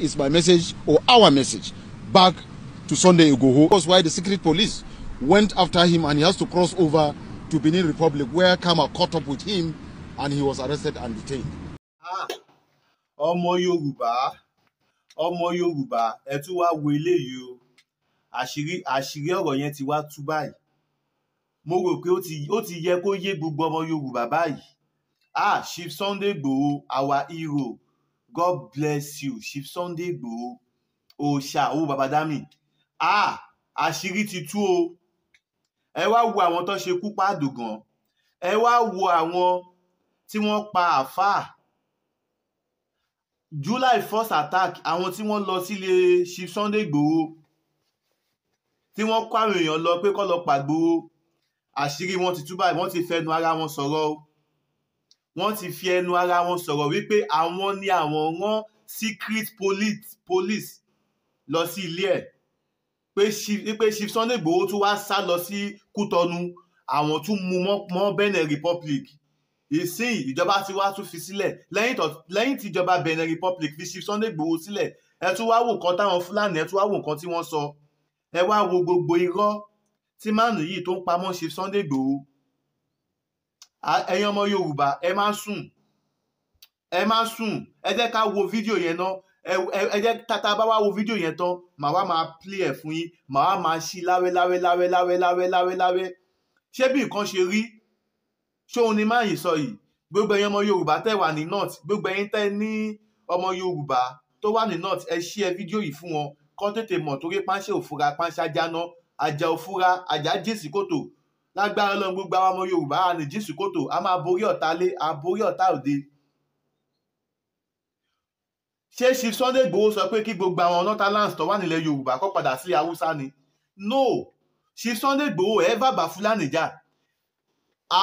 is my message or our message back to Sunday Igboho. That's why the secret police went after him and he has to cross over to Benin Republic where Kama caught up with him and he was arrested and detained. Ah, ọmọ Yorùbá ọmọ Yorùbá ẹ tún wá wo eléyìí o àṣírí àṣírí ọ̀rọ̀ yẹn ti wá tú báyìí mo rò pé ó ti yẹ kó yé gbogbo ọmọ Yorùbá báyìí ah Chief Sunday Igboho our hero God bless you Chief Sunday Igboho òòṣà owó Baba Dami ah àṣírí ti tú o ẹ wá wo àwọn tó ṣekú pa Àdògán ẹ wá wo àwọn Ti wọ́n pa àfáà July 1st attack àwọn tí wọ́n lọ sílé Chief Sunday Igboho Ti wọ́n kó àwọn èèyàn lọ pé kó lọ pàgbó àṣírí wọn ti tu báyìí wọ́n ti fẹnu ara wọn sọ̀rọ̀ o wọ́n ti fi ẹnu ara wọn sọ̀rọ̀ wípé àwọn ni àwọn rán secret police police lọ sí ilé ẹ̀ pé chief Sunday Igboho tún wá sá lọ sí Kútọnu àwọn tún mú mọ́ Benin Republic ìsìn ìjọba tí wàá tún fi sílẹ̀ lẹ́yìn tíjọba Benin Republic fi chief Sunday Igboho sílẹ̀ ẹ tún wá wò kan táwọn Fúlàní ẹ tún wá wò kan tí wọ́n sọ ẹ wá wo gbogbo irọ́ tí mánu yìí tó ń pamọ́ chief Sunday Igboho ẹ̀yin ọmọ yorùbá ẹ má sùn ẹ má sùn ẹ jẹ́ ká wo fídíò yẹn náà ẹ jẹ́ tata bá wá wo fídíò yẹn tán màá wá máa play ẹ̀ fún yín màá wá máa ṣí láwẹ́ láwẹ́ láwẹ́ láwẹ́ láwẹ́ láwẹ́ láwẹ́ ṣé bí nǹkan ṣe rí ṣóun ni máa yìí sọ yìí gbogbo ẹ̀yin ọmọ yorùbá tẹ́ wà ní north gbogbo ẹ̀yin tẹ́ ní ọmọ yorùbá tó wà ní north ẹ ṣí ẹ fídíò yìí fún wọn kọ́ tètè mọ̀ torí páńṣẹ́ òfura páńṣẹ́ ajá náà àjà òfura àjà jèsì kòtò lágbára Ọlọ́run gbogbo àwọn ọmọ Yorùbá àní jísù kòtò a máa borí ọ̀tá lé a borí ọ̀tá òde ṣé ṣe Sunday Igboho sọ pé kí gbogbo àwọn northernlands tó wà nílẹ̀ Yorùbá kó padà sí Haúsá ni no ṣe Sunday Igboho ẹ bàbá Fúlàní jà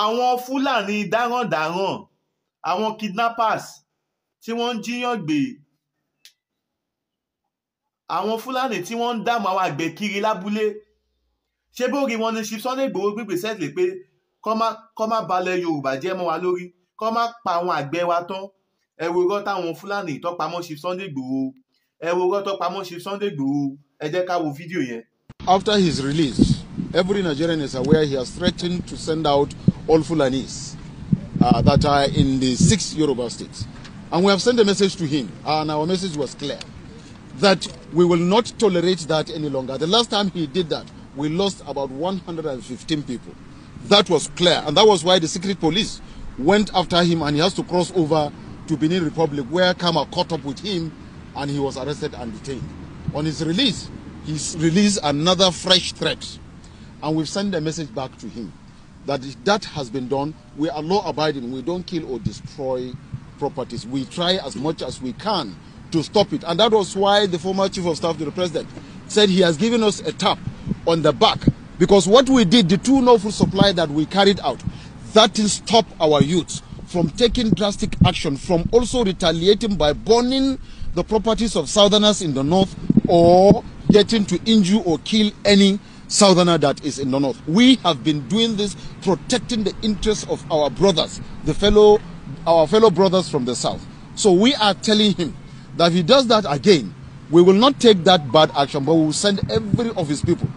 àwọn Fúlàní dáràndáràn àwọn kidnappers tí wọ́n ń jíyàn gbé àwọn Fúlàní tí wọ́n ń dààmú àwọn àgbẹ̀ kiri lábúlé ṣé bóògì wọn ni Chief Sunday Igboho sẹ́ẹ̀lì pé kọ́ má balẹ̀ Yorùbá jẹ́ mọ́ wa lórí kọ́ má pa àwọn àgbẹ̀ wa tán ẹ wo táwọn Fúlàní ìtọ́pamọ́ Chief Sunday Igboho ẹ tọ́pamọ́ Chief Sunday ẹ jẹ́ ká wo fídíò yẹn. After his release every Nigerian is aware he has threatened to send out all Fulanis uh, that are in the six Yoruba states. And we have sent a message to him, and our message was clear that we will not tolerate that any longer. The last time he did that we lost about 115 people. That was clear, and that was why the secret police went after him, and he has to cross over to Benin Republic, where Kama caught up with him, and he was arrested and detained. On his release, he released another fresh threat, and we've sent a message back to him that that has been done. We are law-abiding. We don't kill or destroy properties. We try as much as we can to stop it, and that was why the former chief of staff to the president said he has given us a tap on the back. Because what we did, the two no food supply that we carried out, that will stop our youth from taking drastic action, from also retaliating by burning the properties of southerners in the north or getting to injure or kill any southerner that is in the north. We have been doing this, protecting the interests of our brothers, the fellow, our fellow brothers from the south. So we are telling him that if he does that again, we will not take that bad action, but we will send every of his people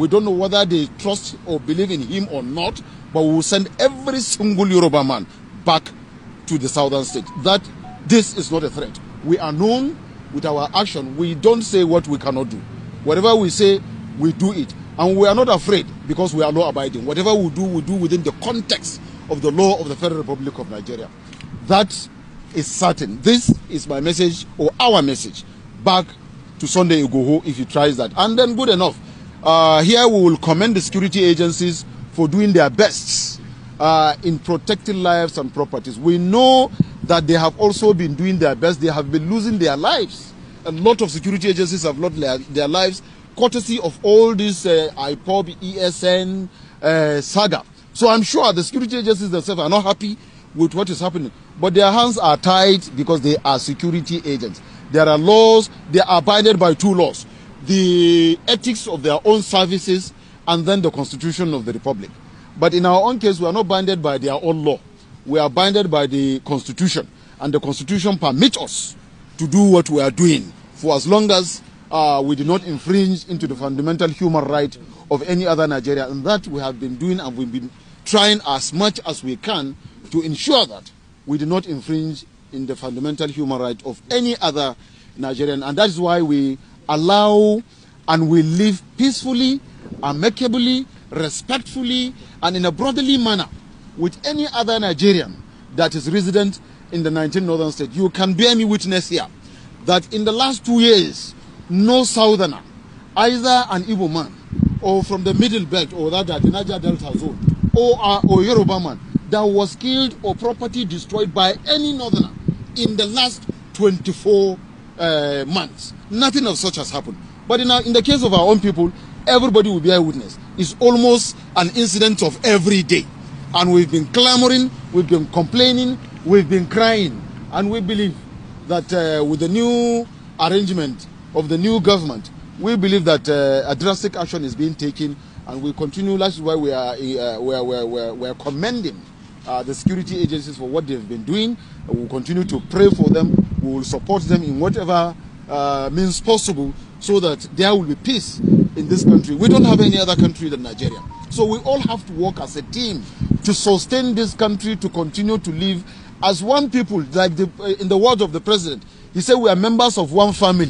we don't know whether they trust or believe in him or not, but we will send every single Yoruba man back to the southern state. That this is not a threat. We are known with our action. We don't say what we cannot do. Whatever we say, we do it. And we are not afraid because we are law abiding. Whatever we do, we do within the context of the law of the Federal Republic of Nigeria. That is certain. This is my message or our message back to Sunday Igoho if he tries that. And then good enough. Uh, here we will commend the security agencies for doing their best uh, in protecting lives and properties. We know that they have also been doing their best. They have been losing their lives. A lot of security agencies have lost their, lives courtesy of all this uh, IPOB, ESN uh, saga. So I'm sure the security agencies themselves are not happy with what is happening. But their hands are tied because they are security agents. There are laws, they are abided by two laws the ethics of their own services, and then the constitution of the republic. But in our own case, we are not bounded by their own law. We are bounded by the constitution, and the constitution permits us to do what we are doing for as long as uh, we do not infringe into the fundamental human right of any other Nigeria. And that we have been doing, and we've been trying as much as we can to ensure that we do not infringe in the fundamental human right of any other Nigerian. And that is why we allow and we live peacefully, amicably, respectfully, and in a brotherly manner with any other Nigerian that is resident in the 19 northern states. You can bear me witness here that in the last two years, no southerner, either an Igbo man or from the middle belt or that, that Niger Delta zone or, uh, or Yoruba man that was killed or property destroyed by any northerner in the last 24 uh, months. Nothing of such has happened. But in, our, uh, in the case of our own people, everybody will be eyewitness. It's almost an incident of every day. And we've been clamoring, we've been complaining, we've been crying. And we believe that uh, with the new arrangement of the new government, we believe that uh, a drastic action is being taken and we continue. That's why we are, uh, we are, we are, we are, we are commending uh, the security agencies for what they've been doing. We will continue to pray for them. We will support them in whatever uh, means possible so that there will be peace in this country. We don't have any other country than Nigeria. So we all have to work as a team to sustain this country to continue to live as one people, like the, uh, in the words of the president. He said, We are members of one family,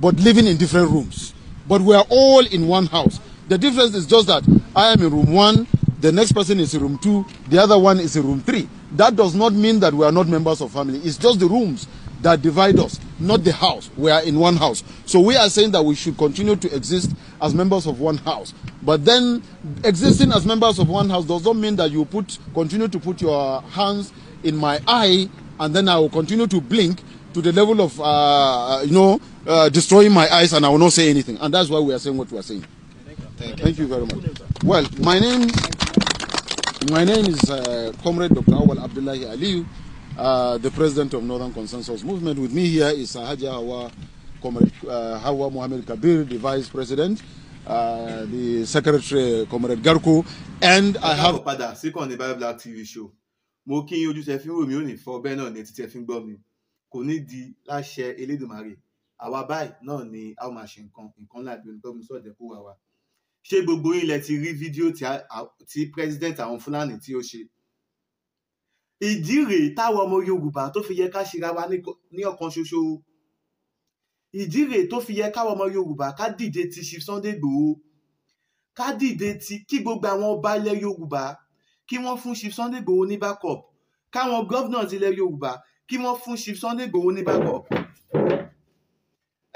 but living in different rooms. But we are all in one house. The difference is just that I am in room one, the next person is room two, the other one is room three. That does not mean that we are not members of family. It's just the rooms that divide us, not the house. We are in one house. So we are saying that we should continue to exist as members of one house. But then existing as members of one house does not mean that you put continue to put your hands in my eye and then I will continue to blink to the level of uh, you know uh, destroying my eyes and I will not say anything. And that's why we are saying what we are saying. Thank you, Thank you very much. Well, my name My name is uh, Comrade Dr. Awal Abdullahi Aliyu, uh, the President of Northern Consensus Movement. With me here is Haja Hawa, Comrade, uh, Hawa Mohamed Kabir, the Vice President, uh, the Secretary, Comrade Garku, and I have... padà sí ní Bible Black TV show. Mo kí yín ojúṣe fi wò mí ò bẹ́ẹ̀ náà ní etí tẹ́ fi ń gbọ́ mi. Kò ní di láṣẹ Elédùmarè. Àwa báyìí náà ni a ó máa ṣe nǹkan nǹkan láàbí oníkọ́ mi sọ̀dẹ̀ kó wà wá ṣé gbogbo yín lẹ ti rí fídíò tí president àwọn Fúlàní tí ó ṣe ìdí rèé táwọn ọmọ Yorùbá tó fi yẹ ká ṣera wa ní ọ̀kan ṣoṣo ìdí rèé tó fi yẹ káwọn ọmọ Yorùbá ká dìde ti ṣe Sunday Igboho ká dìde ti kí gbogbo àwọn ọba ilẹ̀ Yorùbá kí wọ́n fún ṣe Sunday Igboho ní backup káwọn governors ilẹ̀ Yorùbá kí wọ́n fún ṣe Sunday Igboho ní backup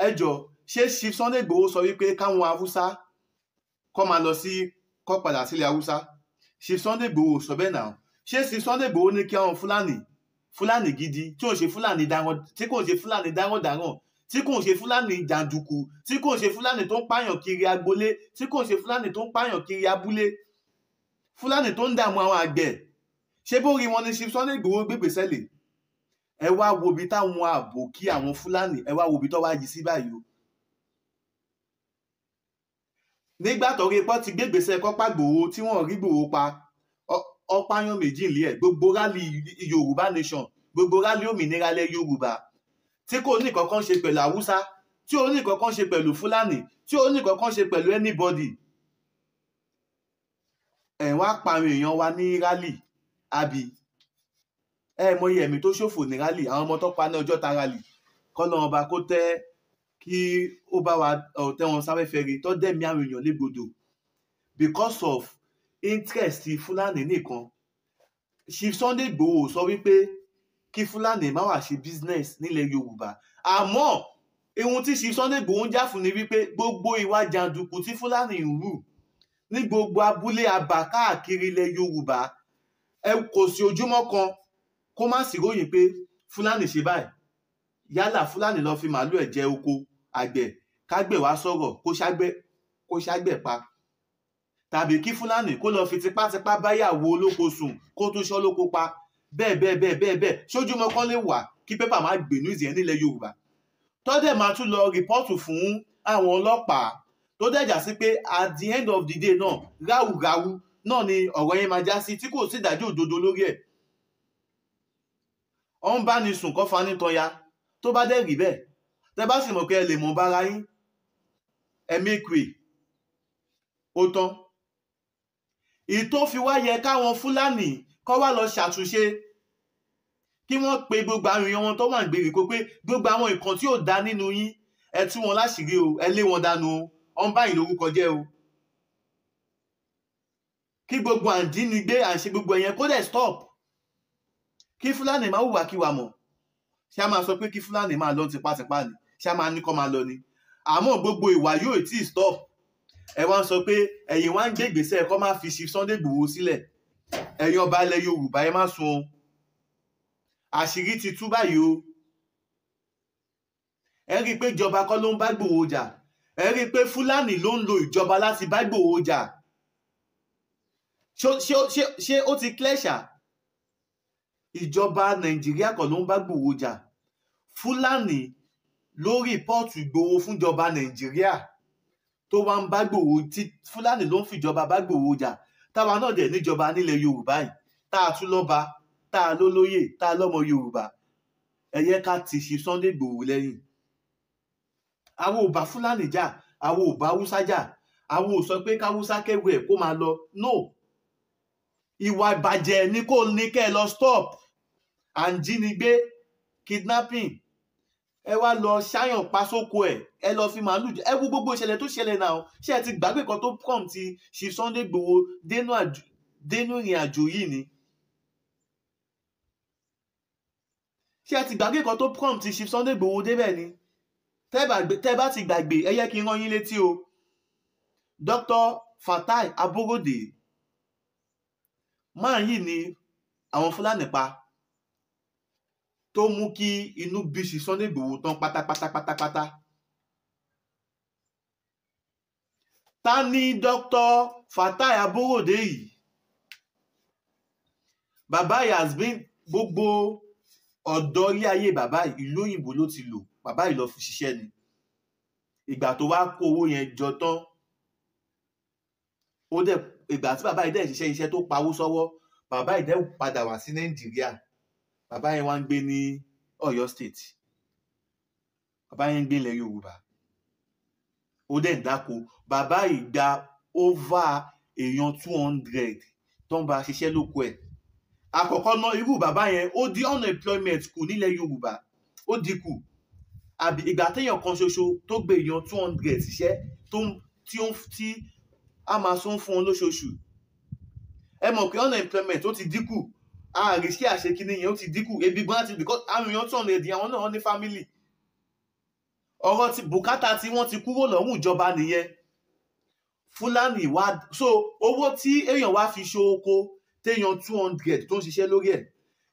ẹjọ ṣé ṣe Sunday Igboho sọ wípé káwọn Haúsá kọ́ máa lọ sí kọ́ padà sílẹ̀ haúsá ṣe Sunday Igboho sọ bẹ́ẹ̀ náà ṣé ṣe Sunday Igboho ní kí àwọn fúlàní fúlàní gidi tí kò ṣe fúlàní dáran tí kò ṣe fúlàní dáran dáran tí kò ṣe fúlàní jàǹdùkú tí kò ṣe fúlàní tó ń pààyàn kiri agbolé tí kò ṣe fúlàní tó ń pààyàn kiri abúlé fúlàní tó ń dààmú àwọn àgbẹ̀ ṣé bó rí wọn ní ṣe Sunday Igboho gbégbé sẹ́lẹ̀ ẹ wá wo ibi táwọn ààbò kí àwọn fúlàní ẹ wá wo ibi tó wá yìí sí báyìí nígbà tó rí pọ́ ti gbégbèsè kọ́pá gbòó tí wọ́n rí gbòó pa ọpáyán méjì ńlẹ̀ ẹ̀ gbogbo rálì yorùbá nation gbogbo rálì òmìnira lẹ̀ yorùbá tí kò ní kankan ṣe pẹ̀lú haúsá tí ò ní kankan ṣe pẹ̀lú fúlàní tí ò ní kankan ṣe pẹ̀lú anybody ẹ̀ wá parun èèyàn wa ní rálì àbí ẹ̀ mọyì ẹ̀mí tó ṣòfò ní rálì àwọn ọmọ tó pa ní ọjọ́ ta rálì kọ́ lọ́wọ́n ba kó tẹ́ kí ó bá wa tẹ́ wọn sáfẹ́fẹ́ rí tó dẹ̀mí àwọn èèyàn légbodò because of interest Fúlàní nìkan Chief Sunday Igboho sọ wípé kí Fúlàní má wà ṣe business nílẹ̀ Yorùbá àmọ́ ohun tí Chief Sunday Igboho ń jà fún ni wípé gbogbo ìwà jàǹdùkú tí Fúlàní ń rù ní gbogbo abúlé abà káàkiri ilẹ̀ Yorùbá ẹ kò sí ojúmọ́ kan kó má sí ròyìn pé Fúlàní ṣe báyìí yálà fúlàní lọ fi màálù ẹ̀ jẹ oko àgbẹ̀ kágbẹ̀ wá sọ̀rọ̀ kó ṣàgbẹ̀ pa tàbí kí fúlàní kó lọ fi tipátipá báyàwó olóko sùn kó tún ṣọ́ lóko pa bẹ́ẹ̀ bẹ́ẹ̀ bẹ́ẹ̀ bẹ́ẹ̀ bẹ́ẹ̀ sójúmọ́ kan lè wà kí pépà má gbé news yẹn nílẹ̀ yorùbá tọ́dẹ̀ máa tún lọ rìpọ́ọ̀tù fún àwọn ọlọ́pàá tó dẹ̀jà sí pé at the end of the day náà ráwùráwù náà ni ọ̀rọ̀ yẹn máa já sí tí kò sí ìdájọ́ òdodo lórí ẹ̀ ọ̀ ń bá ní sùn kọ́ fani tọ́ya tó bá dẹ̀ rí bẹ́ẹ̀ tẹ bá sì mọ̀ pé ẹ lè mọ̀ bára yín ẹ mẹ́kùrè ó tán ìtó fi wá yẹ káwọn fúlàní kọ́ wá lọ ṣàtúnṣe kí wọ́n pe gbogbo àwọn èèyàn wọn tó wà ń gbèríko pé gbogbo àwọn nǹkan tí ò dá nínú yín ẹ tú wọn láṣìírí o ẹ lé wọn dànù o ọ̀n báyìí lórúkọ jẹ́ o kí gbogbo àǹdínigbé àṣe gbogbo ẹ̀yẹn kó dẹ̀ stop kí fúlàní má hùwàkiwà mọ́ ṣé a máa sọ pé kí fúlàní máa lọ tipátipá ni ṣé a máa ní kọ́ máa lọ ni àmọ́ gbogbo ìwà yóò tí ì stop ẹ wá ń sọ pé ẹ̀yin wá ń gbé ìgbésẹ̀ kọ́ máa fi ṣe Sunday Igboho sílẹ̀ ẹ̀yin ọba ilẹ̀ Yorùbá ẹ má sun o àṣírí ti tú báyìí o ẹ rí i pé ìjọba kọ́ ló ń bá Igboho jà ẹ rí i pé Fúlàní ló ń lo ìjọba láti bá Igboho jà ṣé ó ti clear ìjọba nàìjíríà kọ́ ló ń bá gbòòrò jà fúlàní ló rìpọ́ọ̀tù ìgbòho fúnjọba nàìjíríà tó wá ń bá gbòòrò tí fúlàní ló ń fìjọba bá gbòòrò jà táwa náà dẹ̀ níjọba nílẹ̀ yorùbá yìí tá a tún lọ́ba tá a lólóyè tá a lọ́mọ yorùbá ẹ̀yẹ ká ti ṣe sunday gbòòrò lẹ́yìn àwọn ò bá fúlàní jà àwọn ò bá haúsá jà àwọn ò sọ pé káwúsá kẹwẹ́ kó máa lọ no ìwà ìbàjẹ́ ní kò ní kẹ́ ẹ lọ stop àǹjínigbé kidnapping ẹ wá lọ ṣáyàn pasóko ẹ ẹ lọ fi màálù ẹ wo gbogbo ìṣẹ̀lẹ̀ tó ṣẹlẹ̀ náà ṣé ẹ ti gbàgbé kan tó pọ̀m ti ṣe Sunday Igboho dénú ìrìn àjò yìí ni. ṣé ẹ ti gbàgbé kan tó prompt ti Chief Sunday Igboho débẹ̀ ni tẹ́ bá ti gbàgbé ẹ yẹ kí n rán yín létí o Dr. Fatai Aborode máa yìí ni àwọn Fúlàní pa tó mú kí inú bí sí Sunday Ìgbòho tán pátápátápátápátá ta ni Dr. Fatai Aborode yìí bàbá yìí has been gbogbo ọ̀dọ́ ilé ayé bàbá ìlú òyìnbó ló ti lò bàbá yìí lọ fi ṣiṣẹ́ ni ìgbà tó wá kó owó yẹn jọ tán ó dẹ̀ ìgbà tí bàbá ìdẹ́ ṣiṣẹ́ iṣẹ́ tó pawó sọ́wọ́ bàbá ìdẹ́ padà wá sí nàìjíríà bàbá yẹn wá ń gbé ní Ọ̀yọ́ state bàbá yẹn ń gbé ilẹ̀ yorùbá ó dẹ̀ ń dáko bàbá ìgbà over èèyàn two hundred tó ń bá ṣiṣẹ́ lóko ẹ̀ àkọ́kọ́ náà irú bàbá yẹn ó di unemployment kù nílẹ̀ yorùbá ó dínkù àbí ìgbà téèyàn kan ṣoṣo tó gbé èèyàn two hundred ṣiṣẹ́ tó ń tí ó ń tí a máa tún fún un lóṣooṣù ẹ mọ̀ pé unemployment ó ti dínkù ààrẹ sí àṣekínní yẹn ó ti dínkù ebi gbọ́n àti because àwọn èèyàn tọ̀nà èdè àwọn náà ní family ọ̀rọ̀ ti bùkátà tí wọ́n ti kúrò lọ́rùn ìjọba nìyẹn fúlàní wá so owó tí èèyàn wá fi ṣe oko téèyàn two hundred tó ń ṣiṣẹ́ lórí ẹ̀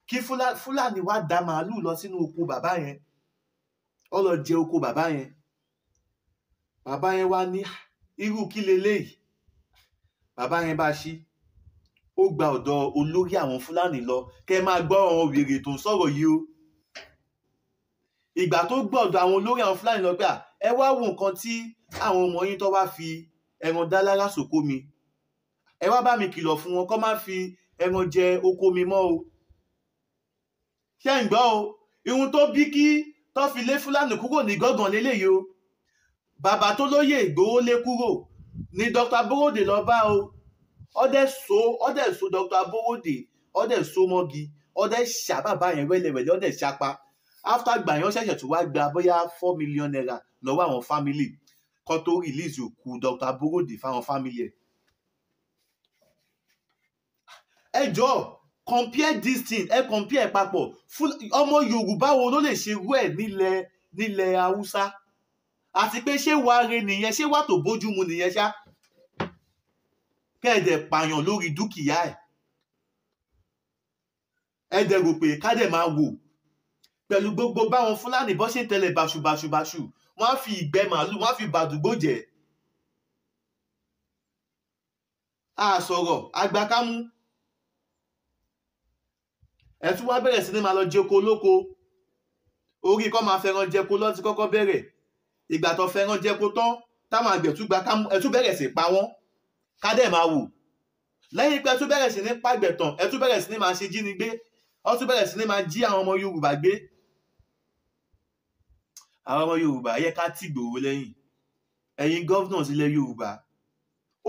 kí fúlàní wá da màálù lọ sínú oko bàbá yẹn ó lọ jẹ oko bàbá yẹn bàbá yẹn wá ní ah, irú kí leléyìí bàbá yẹn bá ṣí ó gba ọ̀dọ̀ olórí àwọn fúlàní lọ kẹ́ máa gbọ́ àwọn wèrè tó ń sọ̀rọ̀ yìí o ìgbà tó gbọ́ ọ̀dọ̀ àwọn olórí àwọn fúlàní lọ pé à ẹ wá wo nǹkan tí àwọn ọmọ yín tó wá fi ẹran dá lára sòkó mi ẹ wá bá mi kìlọ̀ fún wọn kó má fi ẹran jẹ oko mi mọ́ o ṣé ń gbọ́ o ihun tó bí kí tó fi lé fúlàní kúrò ní gángan lélẹ́yìí o bàbá tó lóye Ìgbòho lé kúrò ni dr aborode lọ bá o ọdẹ so ọdẹ so dr aborode ọdẹ so mọ́gi ọdẹ ṣá bàbá yẹn wẹ́lẹ́wẹ́lẹ́ ọdẹ ṣapa after gbà yẹn ó ṣẹ̀ṣẹ̀ tó wá gba bóyá four million naira lọ́wọ́ àwọn family kan tó release òkú dr aborode fáwọn family ẹ̀. ẹ jọ̀ọ́ compare this thing ẹ compare papọ̀ ọmọ yorùbá wo ló lè ṣe irú ẹ̀ nílẹ̀ nílẹ̀ haúsá àti pé ṣé wàá re nìyẹn ṣé wàá tó bójú mu nìyẹn ṣá kẹ́ẹ̀dẹ̀ pààyàn lórí dúkìá ẹ̀ ẹ̀dẹ̀ rò pé kádẹ̀ máa wò pẹ̀lú gbogbo báwọn fúlàní bọ́ ṣe ń tẹ̀lé báṣubàṣubàṣu wọ́n á fi ìgbẹ́ màálù wọ́n á fi bàdúgbò jẹ́ a sọ̀rọ̀ agbákámú ẹ̀ tún wá bẹ̀rẹ̀ sí ni máa lọ jẹko olóko orí kọ́ máa fẹ́ràn jẹko lọ́ti kọ́kọ́ bẹ̀rẹ̀ ìgbà tó fẹ́ràn jẹ́kó tán táwọn àgbẹ̀ tún gba ẹtú bẹ̀rẹ̀ sí pa wọ́n ká dẹ̀ máa wò lẹ́yìn pé ẹtú bẹ̀rẹ̀ sí ní pàgbẹ̀ tán ẹtú bẹ̀rẹ̀ sí ní máa ṣe jínigbé ọtún bẹ̀rẹ̀ sí ní máa jí àwọn ọmọ Yorùbá gbé àwọn ọmọ Yorùbá yẹ ká tì gbòòwò lẹ́yìn ẹ̀yin gọ́vnà ilẹ̀ Yorùbá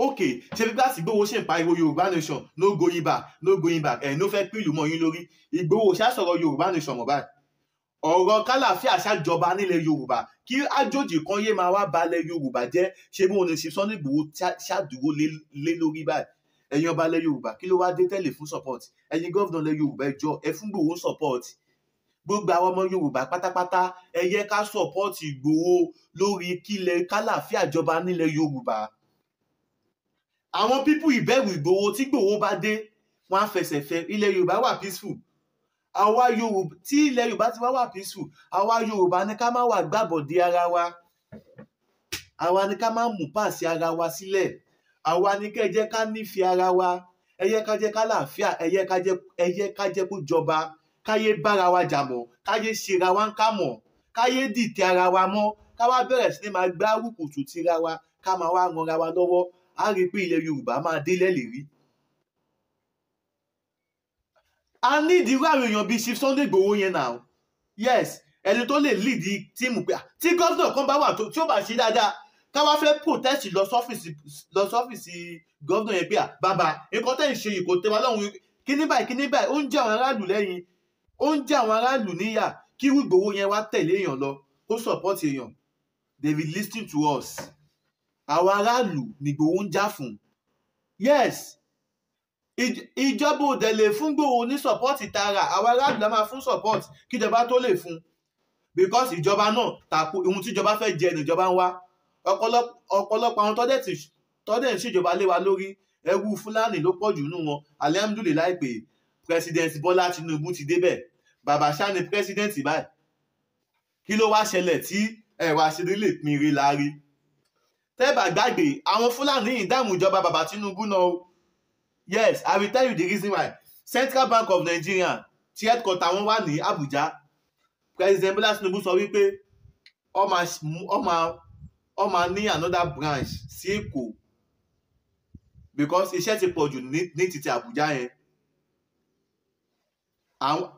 ok ṣe bí gbàtí Ìgbòho ṣe ń pariwo Yorùbá nation no going back no going back ẹ̀ ló fẹ́ pílù mọ́ yín lórí Ìgbòho ṣá sọ̀rọ̀ Yorùbá nation mọ̀ báyìí ọ̀rọ̀ kálàfíà ṣàjọba nílẹ̀ yorùbá kí àjòjì kan yé máa wá balẹ̀ yorùbá jẹ́ ṣé bí wọn lè ṣe Sunday Igboho ṣàdúró lé lórí báyìí ẹ̀yin ọba ilẹ̀ yorùbá kí ló wá dé tẹ́lẹ̀ fún support ẹ̀yin gọ́vnà ilẹ̀ yorùbá ẹ jọ̀ọ́ ẹ fún Igboho support gbogbo àwọn ọmọ yorùbá pátápátá ẹ yẹ ká support Igboho lórí kílẹ̀ kálàfíà jọba nílẹ̀ yorùbá àwọn pípù ìbẹ̀rù Igboho tí Igboho bá dé wọn á fẹsẹ̀ fẹ ilẹ̀ yorùbá wà peaceful àwa yorùbá tí ilẹ̀ yorùbá ti wá wà písù àwa yorùbá ni ká má wà gbàbọ̀dé ara wa àwa ni ká má mú pàṣẹ ara wa sílẹ̀ àwa ni kẹ́ ẹ jẹ́ ká nífẹ̀ẹ́ ara wa ẹ yẹ ká jẹ́ ká làáfíà ẹ yẹ ká jẹ́ kó jọba káyé bára wa jà mọ́ káyé ṣera wa ń kà mọ́ káyé dìtẹ̀ ara wa mọ́ ká wá bẹ̀rẹ̀ sí ni máa gbárùkù tù tira wa ká máa wá ranra wa lọ́wọ́ á rí i pé ilẹ̀ yorùbá máa délẹ̀ lérí I need ìdírú àwọn èèyàn bíi Chief Sunday Igboho yẹn náà yes ẹni tó lè lead tíìmù pé ah, tí gómìnà kan bá wà tí ó bá ṣe dáadáa káwá fẹ́ protest lọ sọ́fíìsì lọ sọ́fíìsì gómìnà yẹn pé à ah, bàbá nǹkan tẹ̀ ń ṣe yìí kò tẹ́ wa lọ́hùn kíní báyìí kíní báyìí ó ń jẹ́ àwọn aráàlú lẹ́yìn ó ń jẹ́ àwọn aráàlú níyà kí Igboho yẹn wá tẹ̀lé èèyàn lọ kó support èèyàn they be listening to us àwọn aráàlú nìgbòho ń jà fún yes ìjọba òdẹ lè fún Ìgbòho ní support tààrà àwọn aráàlú la máa fún support kíjọba tó lè fún because ìjọba náà tàpó ohun tíjọba fẹ́ jẹ níjọba ń wá ọ̀pọ̀lọpọ̀ àwọn tọ́dẹ̀ ń ṣèjọba lé wa lórí ẹrú Fúlàní ló pọ̀jù nù wọn alihamudulilayi pé president Bọ́lá Tinubu ti débẹ̀ bàbá ṣá ni president báyìí kí ló wá ṣẹlẹ̀ tí ẹ̀rọ àṣírí lè pin rí láàrí tẹ́ẹ̀bà gbàgbé àwọn Fúlàní ìdààmú ìjọba bàbá Tinubu náà o yes i will tell you the reason why central bank of nigeria tí headquarter wọn wà ní abuja president bola tinubu sọ wípé ọ máa ní another branch sí èkó because iṣẹ́ ti pọ̀ jù ní títí abuja yẹn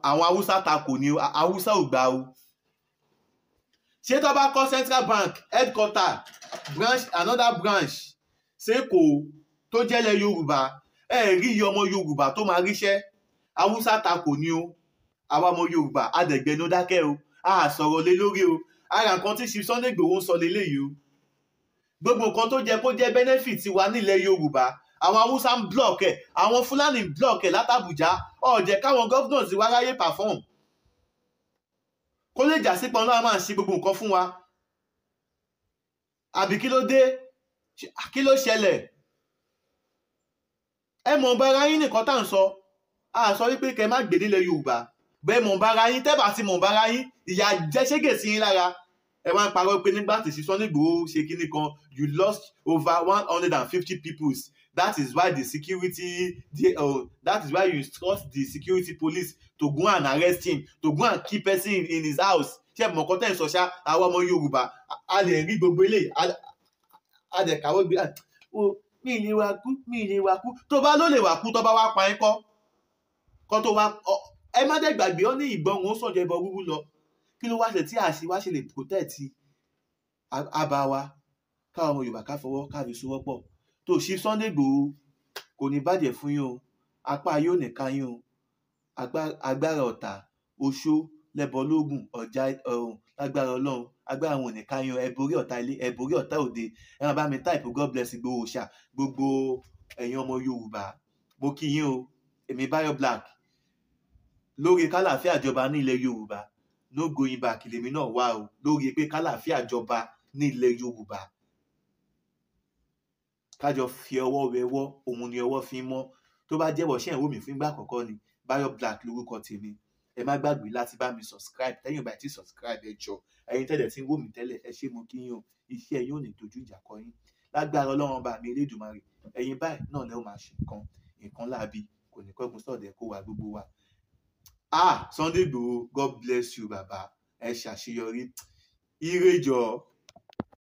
àwọn haúsá takò ní haúsá ò gbà o ṣé tó bá kọ́ central bank headquarter branch another branch seko tó jẹ́lẹ̀ yorùbá ẹ rí iye ọmọ yorùbá tó máa ríṣẹ́ haúsá takò ni o àwa ọmọ yorùbá adẹ̀gbẹ́nu dákẹ́ o a sọ̀rọ̀ lé lórí o ara nǹkan tí ṣe Sunday Igboho ń sọ leléyìí o gbogbo nǹkan tó jẹ kó jẹ benefit wa nílẹ̀ yorùbá àwọn haúsá ń block ẹ àwọn fúlàní ń block ẹ látàbújá ọ̀jẹ̀ káwọn governors wa ráyè perform kó lè jà sípọn náà máa ń ṣe gbogbo nǹkan fún wa àbí kí ló dé kí ló ṣẹlẹ̀ ẹ mọ̀ bára yín nìkan tá à ń sọ à sọ wípé kẹ má gbè nílẹ̀ yorùbá bẹ́ẹ̀ mọ̀ bára yín tẹ́ bá ti mọ̀ bára yín ìyá jẹ́ ségè sí yín lára ẹ wá ń parọ́ pé nígbà tí sísọ nígbòó ṣe kíní kan you lost over one hundred and fifty peoples that is why the security the, uh, that is why you trust the security police to go and arrest him to go and keep person in, in his house ṣé ẹ mọ̀ kọ́ tẹ́yìn sọ́ṣá àwa ọmọ yorùbá a lè rí gbogbo eléyìí a lè kàwé gbé mi ì lè wà kú mi ì lè wà kú tó bá ló lè wà kú tó bá wá pa ẹ́ kọ́ kọ́ tó wá ẹ má dẹ́ gbàgbé ó ní ìbọn òun ó sàn jọ ìbọn wúwú lọ kí ló wá ṣe tí àṣì wá ṣe lè protect àbá wa káwọn ọmọ Yorùbá ká fọwọ́ káfi sowọ́pọ̀ tó ṣí Sunday Igboho kò ní bàjẹ́ fún yín o apá yóò nìka yín o agbára ọ̀tá oṣó lẹ́bọ̀ ọ̀já ọ̀run lágbára Ọlọ́run agbára wọn ò ní ká yan ẹ borí ọ̀tá ilé ẹ borí ọ̀tá òde ẹ bá mi táìpù god bless Ìgbòho ṣá gbogbo ẹ̀yin ọmọ Yorùbá mo kí yín o èmi Báyọ̀ Black lórí kálàfíà ìjọba ní ilẹ̀ Yorùbá no going back lèmi náà wá o lórí pé kálàfíà ìjọba ní ilẹ̀ Yorùbá kájọ fi ọwọ́ wẹwọ́ òun ni ọwọ́ fi mọ́ tó bá jẹ́wọ́ ṣẹ́ ìwé mi fún ìgbà àkọ́kọ́ ni Báyọ̀ Black lórúkọ tèmi ẹ má gbàgbé láti bá mi subscribe tẹ́yìn bá ti subscribe ẹ jọ ẹ̀yin tẹ́lẹ̀ tí ń wò mí tẹ́lẹ̀ ẹ ṣé mo kí yín o iṣẹ́ yín ò ní dojú ìjà kọ yín lágbára ọlọ́run bá mi elédùnmarè ẹ̀yin báyìí náà lẹ́wọ̀n máa ṣe nǹkan nǹkan láabi kò ní kọ́gun sọ̀dẹ̀ kó wa gbogbo wa. ah Sunday Igboho God bless you bàbá ẹ ṣàṣeyọrí ire jọ.